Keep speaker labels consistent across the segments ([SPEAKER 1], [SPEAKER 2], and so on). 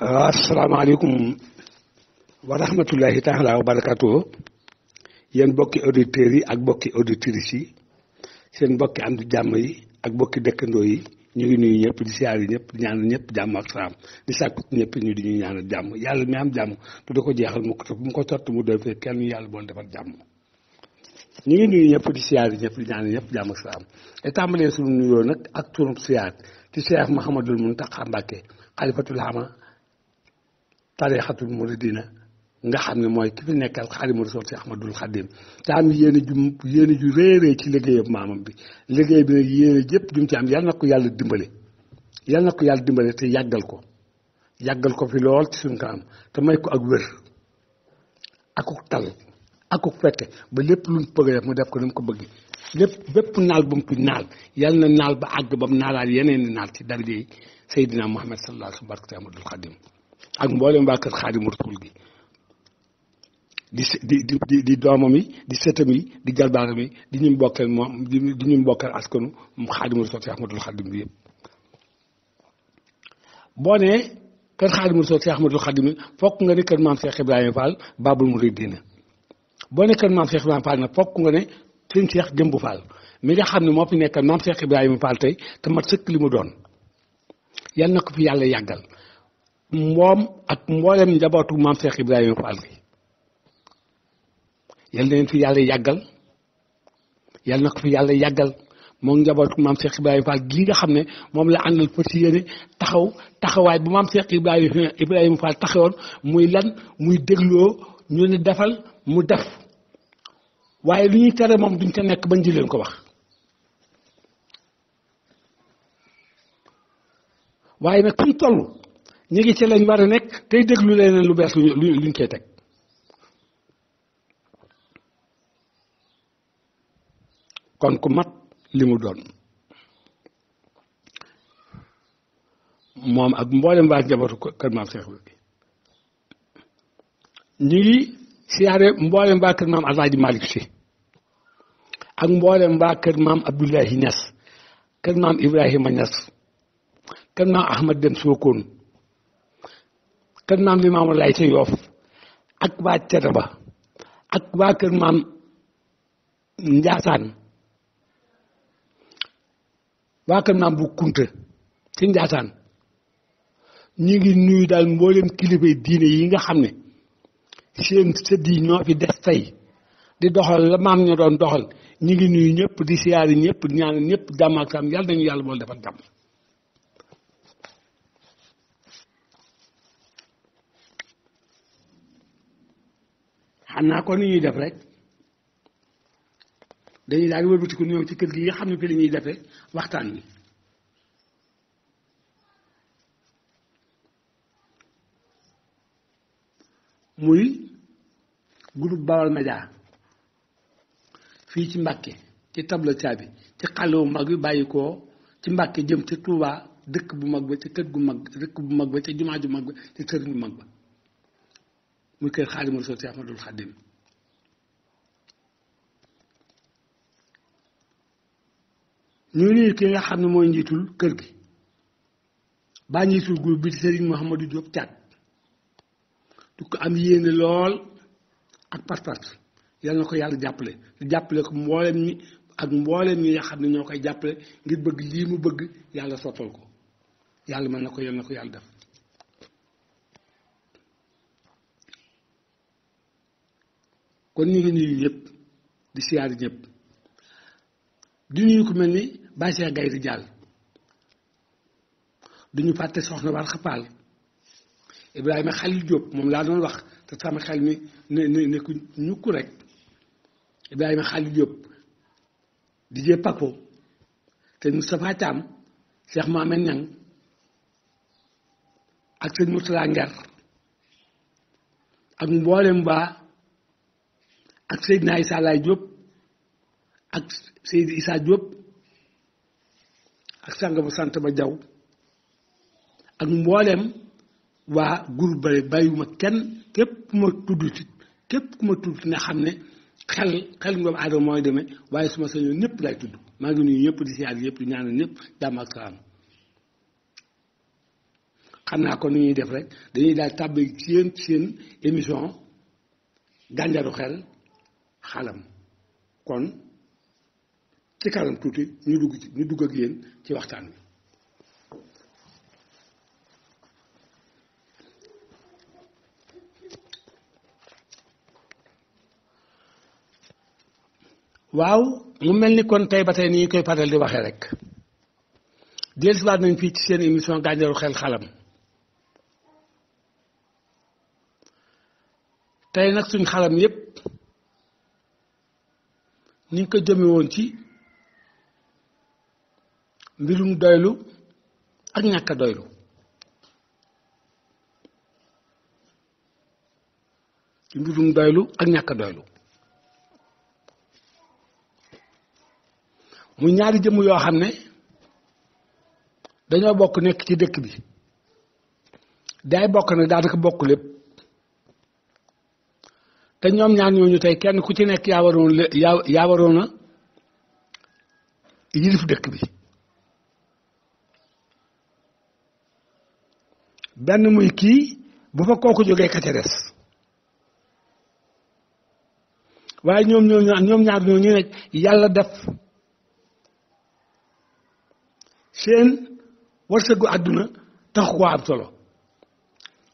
[SPEAKER 1] asalaamaaleykum wa rahmatullahi taala wa barakatuh yéen bokki auditeurs yi ak bokki auditrices yi seen bokki am di jàmm yi ak bokki dëkkandoo yi ñu ngi nuyu ñëpp di siyaar yi ñëpp di ñaanal ñëpp jàmm ak salaam di sàkku ñëpp ñu di ñu ñaanal jàmm yàlla mi am jàmm te da ko jeexal mu ko mu ko sott mu doy fee kenn yàlla boon defal jàmm ñu ngi nuyu ñëpp di siyaar yi ñëpp di ñaan ñëpp jàmm ak salaam te tàmbalee suñu nuyoo nag ak turam siyaar ci Cheikh Mouhamadul Mountakha Mbacké xalifatul ama tarixatul muridina nga xam ne mooy ki fi nekkal Xaadimu Rasuul si Ahmadul Xadim te am yéen a ju yéen a ju réeree ci liggéeyam maamam bi liggéey bi nag yéen a jëpp jum ci am yal na ko yàlla dimbale yal na ko yàlla dimbale te yàggal ko yàggal ko fi lool ci suñu kanam te may ko ak wér akuk tal ak ku fekke ba lépp lu mu bëgg def mu def ko ni mu ko bëgg lépp bépp naal bu mu fi naal yàlla na naal ba àgg ba mu naalaal yeneen naal ci daraja yi Seydina Muhammad sallallahu alayhi wa sallam barkatu Xaadim ak mboolem waa kër Xaadimu Rasuul gi di di di di doomam yi di sëtam yi di galbaaram yi di ñu mbokkal moom di ñu mbokkal askanu mu Xaadimu Rasuul si Ahmadul Xaadim bi yëpp boo nee kër Xaadimu Rasuul si Ahmadul Xaadim bi fokk nga ni kër maam Cheikh Ibrahima Fall Baabul Muriidiina boo nekkoon maam Cheikh Ibrahima Fall nag fokk nga ne sëñ Cheikh Jëmbu Fall mi nga xam ne moo fi nekkoon maam Cheikh Ibrahima Fall tey te li mu doon yal na ko yàlla yàggal moom ak mboolem njabootu maam Cheikh Ibrahima Fall yàlla yàggal yal na ko yàlla yàggal moom njabootu maam Cheikh Ibrahima Fall nga xam ne moom la àndal fa ci yéene taxaw taxawaay bu maam Cheikh Ibrahima Ibrahima Fall taxawoon muy lan muy dégloo ñu ne defal. mu def waaye lu ñuy tere moom duñ ca nekk bañ di leen ko wax waaye nag kuñ toll ñu ngi ci lañ war a nekk tey déglu leneen lu bees lu luñ koy teg kon ku mat li mu doon moom ak mboolem waa njabootu kër maam Cheikh bi ñu ngi siyaare mboolem waa kër maam Alaaji Malick Si ak mboole waa kër maam Abdoulaye Niass kër maam Ibrahima Niass kër maam Ahmad Dem Sokone kër maam Limaamu Laay ca Yoof ak waa Tereba ak waa kër maam Njaasaan waa kër maam bu Kunta ci Njaasaan ñu ngi nuyu daal mboolem kilifa diine yi nga xam ne seen sëdd yi ñoo fi des tey di doxal la maam ñu doon doxal ñu ngi nuyu ñëpp di siyaari ñëpp di ñaan ñëpp jàmm ak am yàlla nañu yàlla bool defal jàmm. xanaa ko ni ñuy def rek dañuy daal di wëlbatiku ñëw ci kër gi nga xam ne fi la ñuy defee waxtaan bi muy groupe Baol Média fii ci Mbàkke ci tableau bi ci xale wu mag bi bàyyi ko ci Mbàkke jëm ci Touba dëkk bu mag ba ci kër gu mag dëkk bu mag ba ci jumaa ju mag ba ci kër gu mag ba muy ci Ahmadul Xaadim xam ne mooy njiitul kër gi baa njiitul groupe bi di Serigne du ko am yéene lool ak pas-pas yal na ko yàlla jàppale jàppale ko mbooleem ñi ak mbooleem ñi nga xam ne ñoo koy jàppale ngir bëgg lii mu bëgg yàlla sotool ko yàlla mën na ko yal na ko yàlla def kon ñu ngi nuyu ñëpp di siyaar ñëpp di nuyu ko mel ni Baye Cheikh Gaye di jàll duñu fàtte soxna war xapaal Ibrahima Khalil Diop moom laa doon wax te sama xel ni ne ne ne ku ñukku rek Ibrahima Khalil Diop Didier Paco sëñ Moustapha Thiam Cheikh Mohamed Niang ak sëñ Moustapha Nger ak mboolem baa ak Seydina Issa Laye Diop ak Seydi Issa Diop ak sang bu sant ba Jaw ak mboolem waa groupe bale bàyyiwuma kenn képp ku ma tudd ci képp ku ma tudd ci nga xam ne xel xel ngoom aadama mooy demee waaye suma señoo ñëpp lay tudd maa ngi nuyu ñëpp di siyaar yëpp di ñaanal ñëpp jàmm ak salaam xam naa ko ni ñuy def rek dañuy daal tàbbi ci yéen seen émission gànjaru xel xalam kon ci kanam tuuti ñu dugg ci ñu dugg ak yéen ci waxtaan bi waaw mu mel ni kon tey ba tey ni ñu koy paral di waxee rek dellusiwaat nañ fii ci seen émission gànjaru xel xalam tey nag suñ xalam yépp ni ñu ko jëme woon ci mbirum doylu ak ñàkk a doylu mbirum doylu ak ñàkk doylu mu ñaari jëmm yoo xam ne dañoo bokk nekk ci dëkk bi daay bokk na daanaka bokk lépp te ñoom ñaar ñooñu tey kenn ku ci nekk yaa na yaa dëkk bi benn muy kii bu fa kooku jógee ka ca waaye ñoom ñoo ñoom ñaar ñooñu nag yàlla def seen wërsëgu àdduna tax koo am solo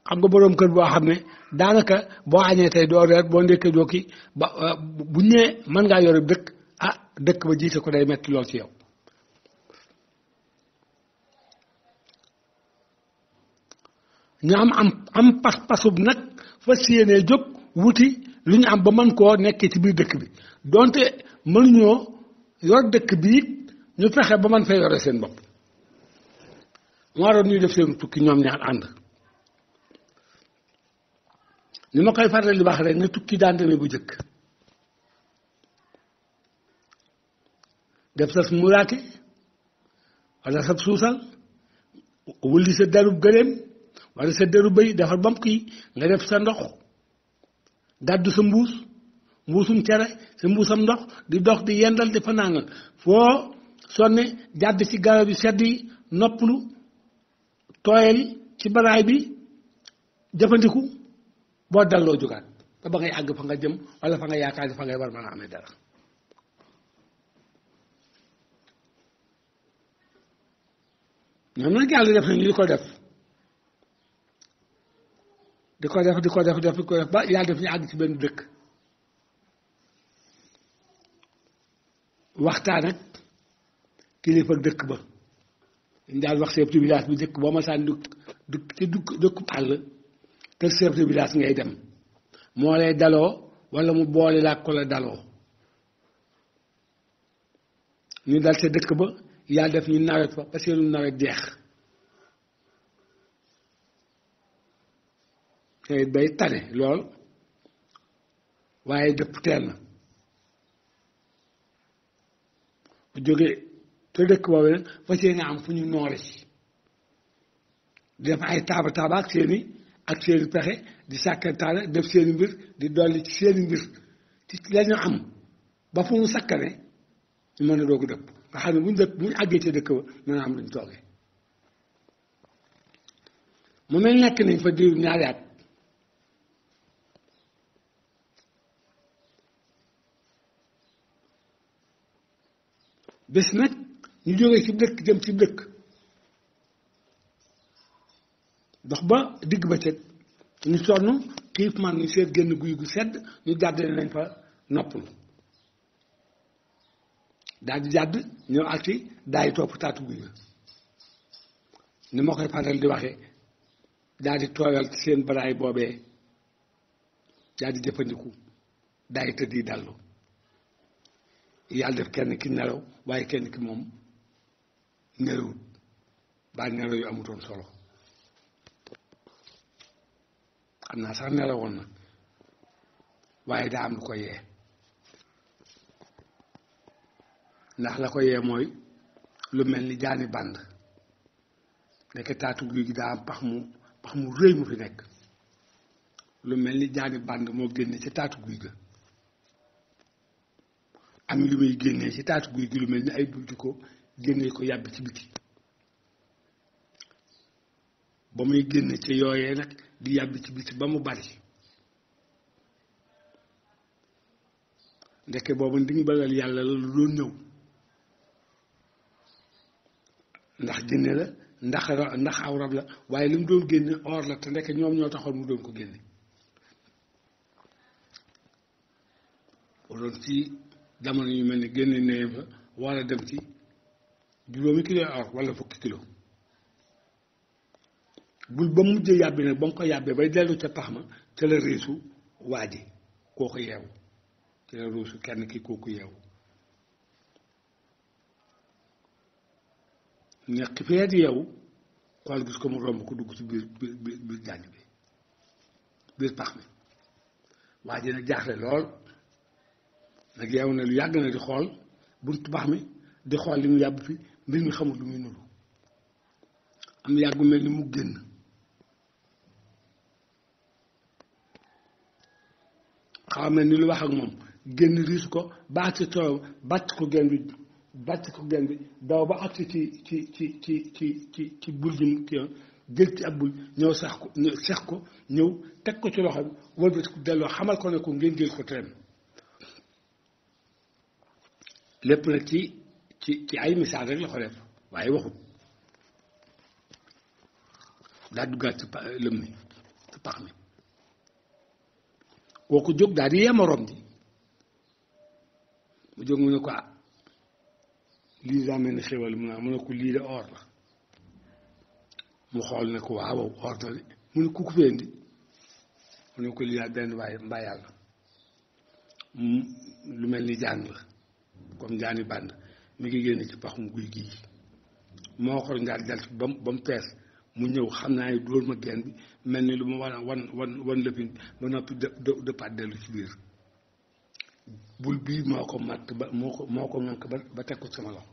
[SPEAKER 1] xam nga boroom kër boo xam ne daanaka boo añee tey doo reer boo ndekkee doo kii ba bu ñëwee mën ngaa yore dëkk ah, dëkk ba jiite ko day metti lool ci yow ñu am am am pas-pasub nag fas yéenee jóg wuti lu ñu am ba mën koo nekkee ci biir dëkk bi donte mënuñoo yor dëkk bi ñu fexe ba mën fee yore seen bopp moo doon ñuy def seen tukki ñoom ñaar ànd ni ma koy faral di wax rek ne tukki daan demee bu jëkk def sas muraati wala sab suusal wulli sa derub gëléem wala sa derub bëy defar bam kii nga def sa ndox gàddu sa mbuus mbuusum cere sa mbuusam ndox di dox di yendal di fanaanal foo sonne jàdd ci garab yu sedd yi noppalu tooyal ci balaay bi jëfandiku boo dalloo jógaat te ba ngay àgg fa nga jëm wala fa nga yaakaar ne fa ngay war mën a amee dara ñoom nag yàlla def nañu di ko def di ko def di ko def di ko def ba yàlla def ñu àgg ci benn dëkk waxtaan ak kilifa dëkk ba dañ daan wax chef de village bu njëkk boo ma saan dugg dugg ci dugg dëkkub àll te chef de village ngay dem moo lay daloo wala mu boole laa ko la daloo ñu dal sa dëkk ba yàlla def ñu nawet fa parce que lu nawet jeex te day tane lool waaye dëpp teel na bu jógee te dëkk woowee nag fa seen am fu ñu noole si def ay taaba taaba ak seen ak seen pexe di sàkkantaale def seen mbir di dolli ci seen mbir ci la am ba fu mu sakkane mën a doog dëpp nga xam ne bu dëkk am lu ñu toogee mu mel nekk nañ fa diir ñaari at bés nag ñu jógee ci dëkk jëm ci dëkk ndox ba digg ba set ñu sonn xiif man ñu seet génn guy gu sedd ñu jàdd nañ fa noppalu daal di jàdd ñoo agsi daay topp taatu guy ga ni ma koy faral di waxe daal di tooyal seen baraay boobee daal di jëfandiku daay tëdd yi dallu yàlla def kenn ki nelaw waaye kenn ki moom nelawut ba nelaw yu amutoon solo xam naa sax nelawoon na waaye daa am lu ko yee ndax la ko yee mooy lu mel ni jaani bànd nekk taatu guy gi daa am pax mu pax mu rëy mu fi nekk lu mel ni jaani bànd moo génne ci taatu guy am lu muy génnee ci taatu guy gi lu mel ni ay bujj ko génne ko yàbbi ci biti ba muy génn ci yooyee nag di yàbbi ci biti ba mu bari ndeke boobu ndimbalal yàlla la lu doon ñëw ndax génne la ndax ndax aw rab la waaye li mu doon génne or la te ndeke ñoom ñoo taxoon mu doon ko génne waroon ci jamono yu mel ni génne néew fa war a dem ci juróomi kilo or walla fukki kilo bul ba mujjee yàbbi nag ba nga ko yàbbee bay dellu ca tax ma ca la réesu waa ji kooku yeewu ca la réesu kenn ki kooku yeewu ñaq feet yeewu xool gis ko mu romb ko dugg ci biir biir biir jàng bi biir pax mi waa ji nag jaaxle lool nag yeewu na lu yàgg na di xool buntu pax mi di xool li mu yàbb fi mbir mi xamul lu muy nuru am yàggu mel ni mu génn xamee ni lu wax ak moom génn riis ko baax ci toolam bàcc ko genn bi bàcc ba agsi ci ci ci ci ci ci ci bul ji ki jël ci ab bul ñëw sax ko ñëw teg ko ci loxo bi wëlbati ko delloo xamal ko ne ko ngeen jël ko teem lépp nag ci ci ci ay misaal rek la ko def waaye waxut daa duggaat ci lëm mi ci pax mi kooku jóg daal di yee morom ji mu jóg mu ne ko ah lii daa mu xool ne ko waaw or la de mu ne ku ko fendi mu ne ko lii daal benn waay mbaa yàlla lu mel ni jaan la comme jaani bànd mi ngi génn ci paxum guy gii moo xor ngaat dal ba mu ba mu fees mu ñëw xam naa ne dóor ma geen bi mel ni lu ma war wan wan wan lëppin ba noppi de dëppaat dellu ci biir bul bii moo ko matt ba moo ko moo ko manqué sama loxo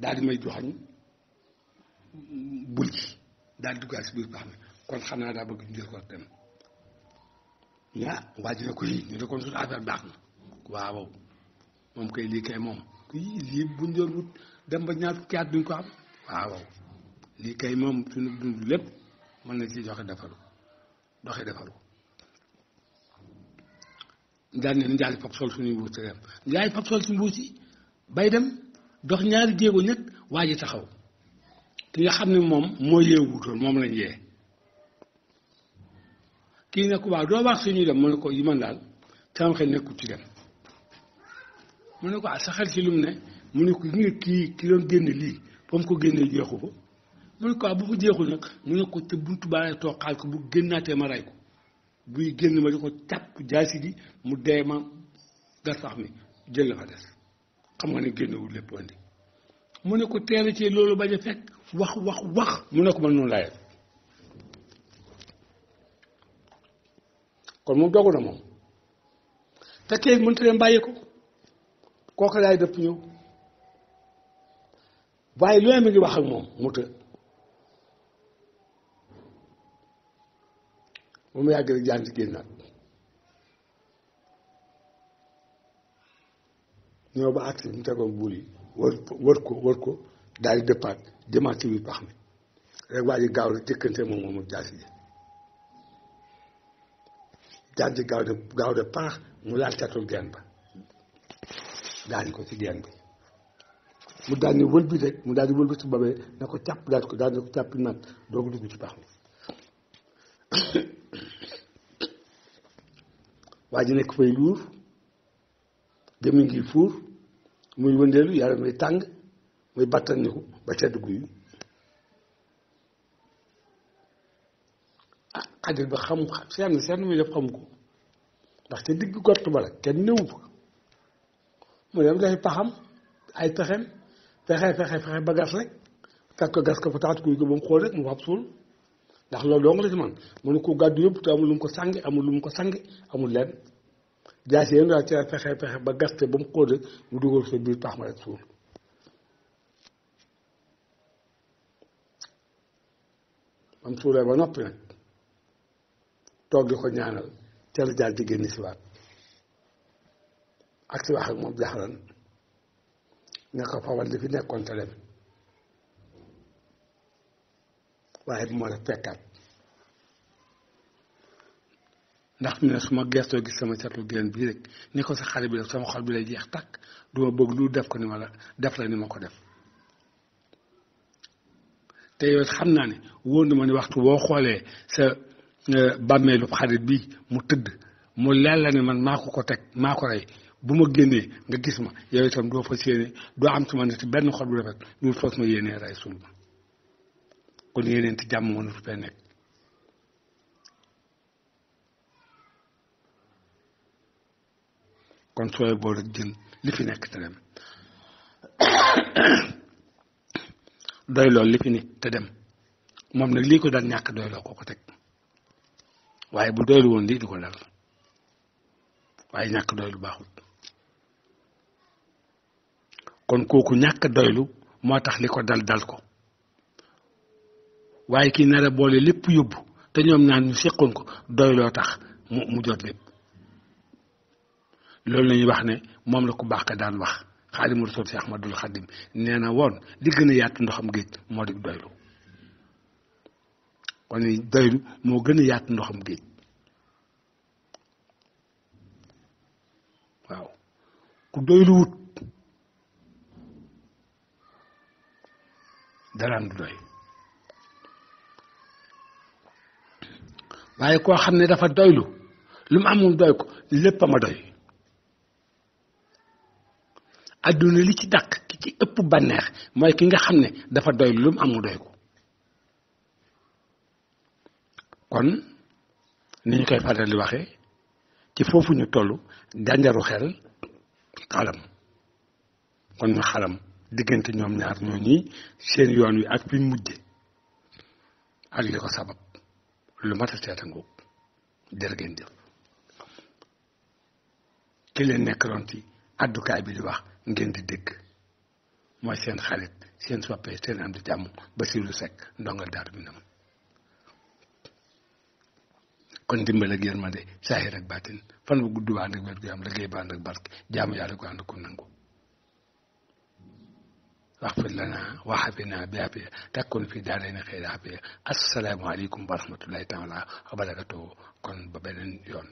[SPEAKER 1] daal di may ci biir pax kon xam naa daa bëgg ñu jël ko dem ñaa ah, waa ji ne ko yii ñu ne kon suñu affaire baax na waaw moom kay lii kay moom lii buñ doon wut dem ba ñaar ki at duñ ko am waaw lii kay moom suñu dund lépp mën na ci joxe defaru doxe defaru daan ne njaay fab sol suñuy mbuus dem njaay fab sol si bay dem dox ñaari jéego ñett waa ji taxaw ki nga xam ne moom moo yeewutoon moom lañ yee kii ne waa waaw doo wax suñuy dem mu ne ko yi man daal sama xel nekkul ci dem mu ne ko ah sa xel ci lum ne mu ne ko ñu kii ki doon génne lii ba mu ko génnee jeexu ko mu ne ko ah bu ko jeexul nag mu ne ko te buntu baa too xaal ko bu génnaatee ma ray ko buy génn ma di ko càpp jaasi ji mu dee ma gas sax mi nga ne génnewul lépp andi ne ko teel ci loolu bañ a wax wax wax mu ne ko man noonu laay kon moom dogu na moom te kee mënta dem bàyyi ko kooku laay dëpp ñëw waaye lu mi ngi wax ak moom mu të ba mu yàgg rek jaan génnaat ñëw ba àgg si mu tegoon buur wër wër ko wër ko daal dëppaat demaat ci biir pax mi rek waa ji gaaw rek jëkkante moom moomu jaasi ji jaan gaaw de gaaw de paax mu laal catul geen ba daañu ko ci geen bi mu daal di wëlbi rek mu daal di wëlbi su boobee na ko càpp daal ko daal di ko càpp naat doog dugg ci pax mi waa ji nekk fay luur gémmiñ gi fuur muy wëndeelu yaram muy tàng muy bàttandiku ba ca dugg yi ah xadir ba xam seetlu seetlu muy def xam ko ndax ca digg gott ba la kenn néew fa mu dem day paxam ay pexem pexe pexe pexe ba gas rek takk ko gas ko fa taxat kuy ko ba mu xool rek mu fab suul ndax loolu dong la ci man mënu ko gàddu yëpp te amul lu mu ko sànge amul lu mu ko sànge amul lenn si yéen daal ci pexe pexe ba gas te ba mu xool rek mu dugal sa biir pax ma rek suul am suuree ba noppi nag toog di ko ñaanal teel jaar jigéen ñi si ak si wax ak moom jaaxlan ne ko fawal li fi nekkoon te dem waaye moo la fekkaat ndax ne su ma gis sama seetlu génn bii rek ni ko sa xale bi def sama xol bi lay jeex tàkk du ma bëgg lu def ko ni ma la def la ni ma ko def te yow xam naa ne wóor na ma ne waxtu boo xoolee sa eh, bàmmeelu xarit bi mu tëdd mu leer la ne man maa ko ko teg maa ko rey bu ma génnee nga gis ma yow itam doo fas yéene doo am suma ne nit benn xol bu rafet lu fas ma yéenee ray sul ma kon yéeneen te jàmm kon sooy bool jën li fi nekk te doy lool li fi moom nag lii ko daan ñàkk doy loo teg waaye bu doylu woon lii di ko dal waaye ñàkk doylu baaxul kon kooku ñàkk doylu moo tax li ko dal dal ko waaye kii nar a boole lépp yóbbu te ñoom ñaan ñu seqoon ko doyloo tax mu mu jot lépp loolu la wax ne moom la ko baax ka daan wax Xaadimu Rasuul si ma Xaadim nee na woon li gën a yaatu ndoxam géej moo di doylu kon doylu moo gën a yaatu ndoxam géej waaw ku doylu daraan du doy waaye koo xam ne dafa doylu lu mu amul doy ko lépp a ma doy adduna li ci dàq ki ci ëpp bànneex mooy ki nga xam ne dafa doy lu mu amul doy ko kon ni ñu koy faral di waxee ci foofu ñu tollu gànjaru xel xalam kon ñu xalam diggante ñoom ñaar ñoo ñooñi seen yoon wi ak fi mujje ak li ko sabab lu mat a seeta ngoog jërë ngeen jëf ki leen nekkaloon ci addukaay bi di wax ngeen di dégg mooy seen xarit seen soppee seen am di jàmm ba si lu sekk ndonga daar bi nam kon ndimbal ak yërmande saahir ak baatin fan bu gudd ba ànd ak wér gu yaram liggéey ba ànd ak jaamu yàlla ko ànd ko nangu waxfir lana waxafina bi afiya takkun fi daarayni xeyri afiya assalaamu aleykum wa rahmatullahi taala wa barakatuhu kon ba beneen yoon